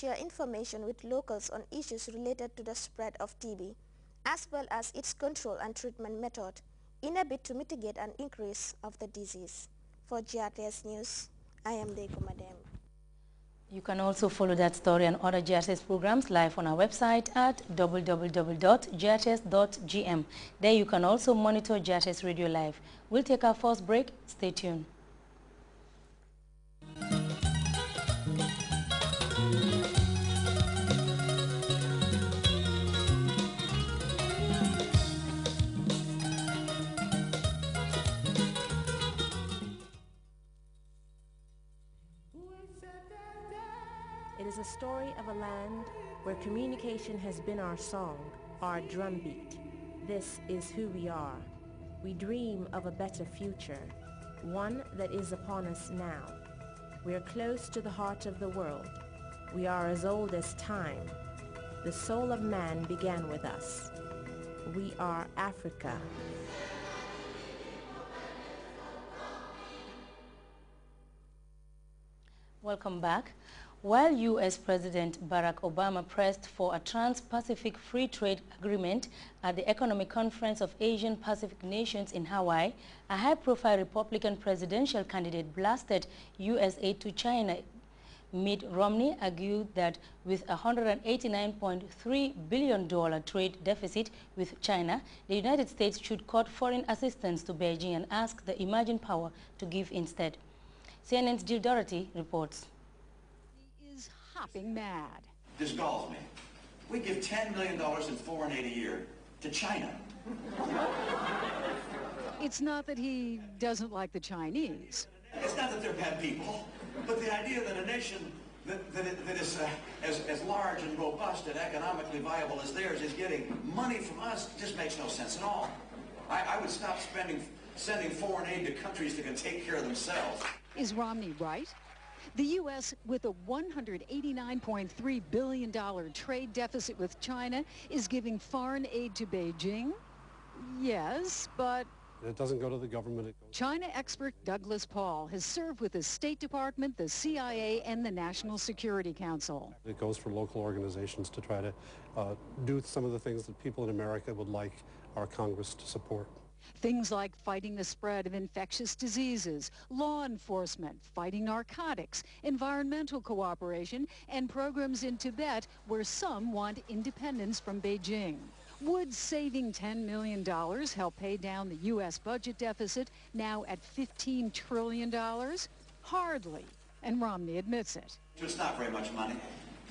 share information with locals on issues related to the spread of TB, as well as its control and treatment method, in a bid to mitigate an increase of the disease. For GRTS News, I am Deiko Madem. You can also follow that story and other GRTS programs live on our website at www.grts.gm. There you can also monitor GRTS Radio Live. We'll take our first break. Stay tuned. is a story of a land where communication has been our song, our drumbeat. This is who we are. We dream of a better future, one that is upon us now. We are close to the heart of the world. We are as old as time. The soul of man began with us. We are Africa. Welcome back. While U.S. President Barack Obama pressed for a trans-Pacific free trade agreement at the Economic Conference of Asian Pacific Nations in Hawaii, a high-profile Republican presidential candidate blasted U.S. aid to China. Mitt Romney argued that with a $189.3 billion trade deficit with China, the United States should cut foreign assistance to Beijing and ask the emerging power to give instead. CNN's Jill Doherty reports hopping mad. This galls me. We give $10 million in foreign aid a year to China. It's not that he doesn't like the Chinese. It's not that they're bad people, but the idea that a nation that, that, that is uh, as, as large and robust and economically viable as theirs is getting money from us just makes no sense at all. I, I would stop spending, sending foreign aid to countries that can take care of themselves. Is Romney right? The U.S., with a $189.3 billion trade deficit with China, is giving foreign aid to Beijing? Yes, but it doesn't go to the government. China expert Douglas Paul has served with the State Department, the CIA, and the National Security Council. It goes for local organizations to try to uh, do some of the things that people in America would like our Congress to support. Things like fighting the spread of infectious diseases, law enforcement, fighting narcotics, environmental cooperation, and programs in Tibet where some want independence from Beijing. Would saving $10 million help pay down the U.S. budget deficit now at $15 trillion? Hardly, and Romney admits it. It's not very much money,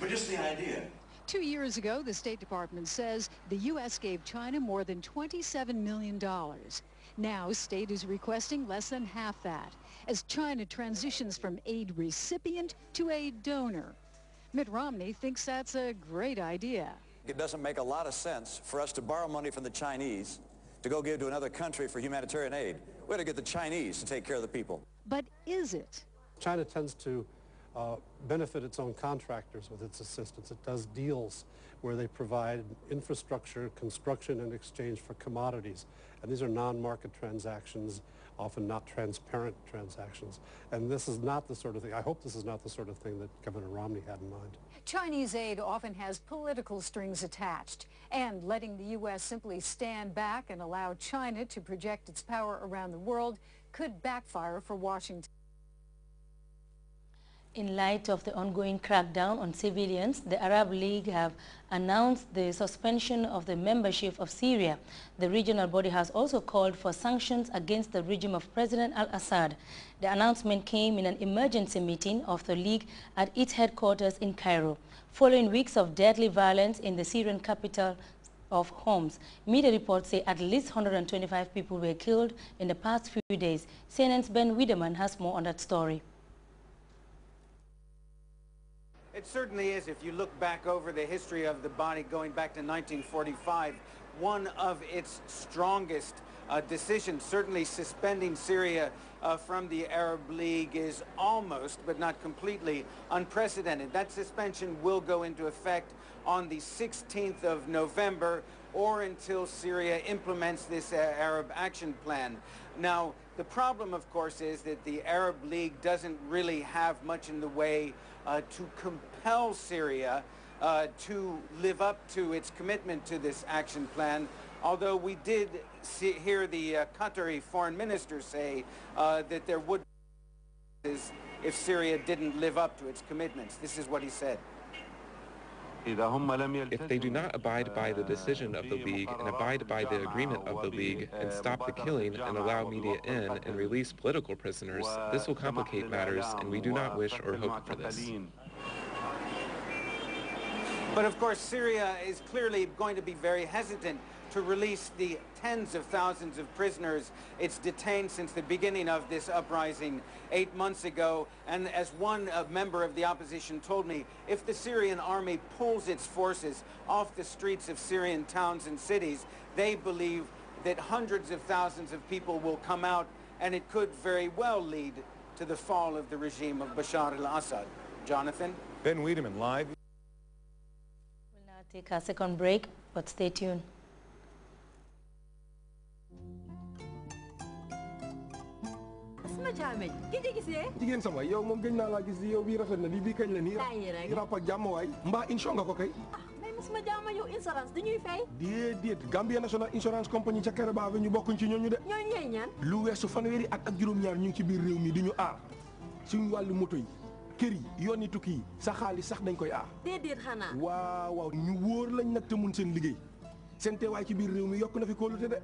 but just the idea Two years ago, the State Department says the U.S. gave China more than $27 million. Now, state is requesting less than half that as China transitions from aid recipient to aid donor. Mitt Romney thinks that's a great idea. It doesn't make a lot of sense for us to borrow money from the Chinese to go give to another country for humanitarian aid. We ought to get the Chinese to take care of the people. But is it? China tends to uh, benefit its own contractors with its assistance. It does deals where they provide infrastructure, construction in exchange for commodities. And these are non-market transactions, often not transparent transactions. And this is not the sort of thing, I hope this is not the sort of thing that Governor Romney had in mind. Chinese aid often has political strings attached. And letting the U.S. simply stand back and allow China to project its power around the world could backfire for Washington. In light of the ongoing crackdown on civilians, the Arab League have announced the suspension of the membership of Syria. The regional body has also called for sanctions against the regime of President al-Assad. The announcement came in an emergency meeting of the League at its headquarters in Cairo, following weeks of deadly violence in the Syrian capital of Homs, Media reports say at least 125 people were killed in the past few days. CNN's Ben Wiedemann has more on that story. It certainly is. If you look back over the history of the body going back to 1945, one of its strongest uh, decisions, certainly suspending Syria uh, from the Arab League is almost, but not completely, unprecedented. That suspension will go into effect on the 16th of November or until Syria implements this uh, Arab action plan. Now, the problem, of course, is that the Arab League doesn't really have much in the way uh, to compete compel Syria uh, to live up to its commitment to this action plan, although we did see, hear the uh, Qatari foreign minister say uh, that there would be if Syria didn't live up to its commitments. This is what he said. If they do not abide by the decision of the League and abide by the agreement of the League and stop the killing and allow media in and release political prisoners, this will complicate matters and we do not wish or hope for this. But of course, Syria is clearly going to be very hesitant to release the tens of thousands of prisoners it's detained since the beginning of this uprising eight months ago. And as one uh, member of the opposition told me, if the Syrian army pulls its forces off the streets of Syrian towns and cities, they believe that hundreds of thousands of people will come out, and it could very well lead to the fall of the regime of Bashar al-Assad. Jonathan? Ben Wiedemann, live. take our second break, but stay tuned. sama caameñ ki ci gisee jigéen sama yow moom gëj naa laa gis yow bii rafet na lii bii kañ la nii rek ràpp ak jàmm waay mbaa incho nga ko kay ah, sama jaama yow insurance dañuy fay déedéet Gambia National Insurance Company ca Kairaba Avenue ñu bokkuñ ci ñooñu de ñooñu ñooy ñaan lu weesu fanweeri at ak juróom-ñaar ñu ngi ci biir réew mi di ñu aar suñu wàllu moto yi kër yi yoon yi tukki yi sa xaalis sax dañ koy aar. déedéet xanaa. waaw waaw ñu wóor lañ nag te mun seen liggéey seen teewaay ci biir réew mi yokk na fi kóolute de.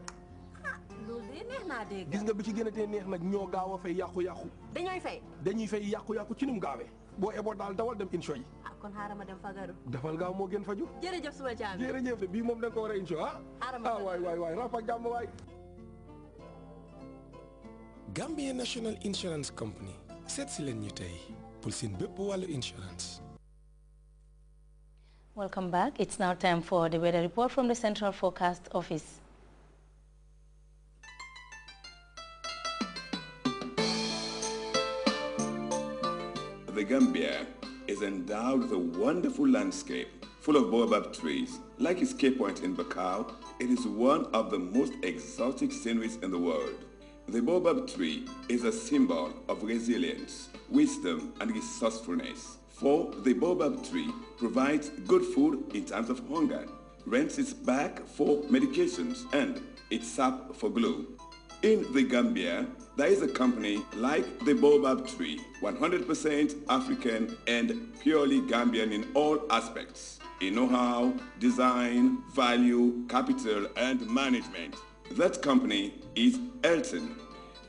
Ah, loolu de neex naa gis nga bi ci gën a tee neex nag ñoo gaaw a fay yàqu-yàqu. dañooy fay. dañuy fay yàqu-yàqu ci nu mu gaawee. boo eboo daal dawal dem incho yi. ah kon xaaral ma dem fagaru. dafal gaaw moo gën faju. jërëjëf suma caabi. jërëjëf bii moom da ko war a incho ah. xaaral ma ah waay waay waay rafa jàmm waay. Gambia National Insurance Company seet si leen ñu tey. seen bépp insurance. Welcome back. It's now time for the weather report from the Central Forecast Office. The Gambia is endowed with a wonderful landscape full of baobab trees. Like its Cape Point in Bakau, it is one of the most exotic sceneries in the world. The baobab tree is a symbol of resilience, wisdom, and resourcefulness. For the baobab tree provides good food in times of hunger, rents its bark for medications, and its sap for glue. In the Gambia, there is a company like the baobab tree, 100% African and purely Gambian in all aspects, in know-how, design, value, capital, and management. That company is Elton.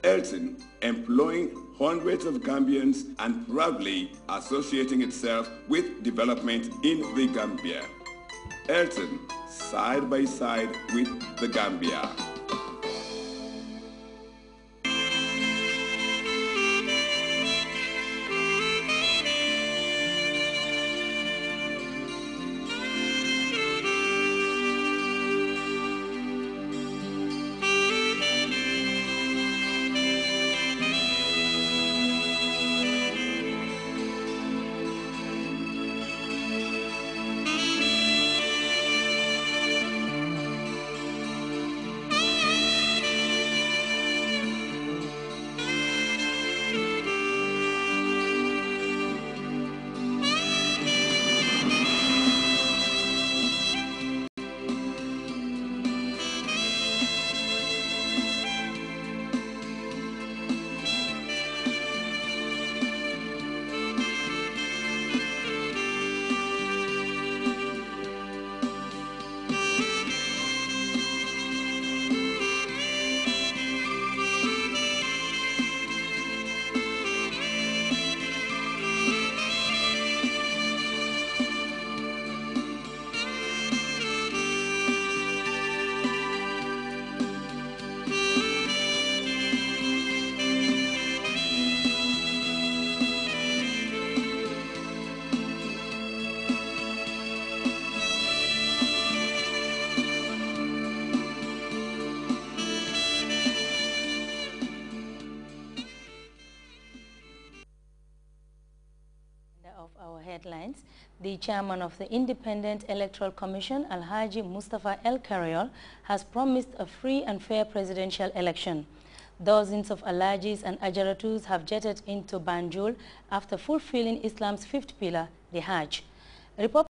Elton employing hundreds of Gambians and proudly associating itself with development in the Gambia. Elton, side by side with the Gambia. headlines, the chairman of the Independent Electoral Commission, Alhaji Mustafa El Karayol, has promised a free and fair presidential election. Dozens of Alhajis and Ajaratus have jetted into Banjul after fulfilling Islam's fifth pillar, the Hajj. Report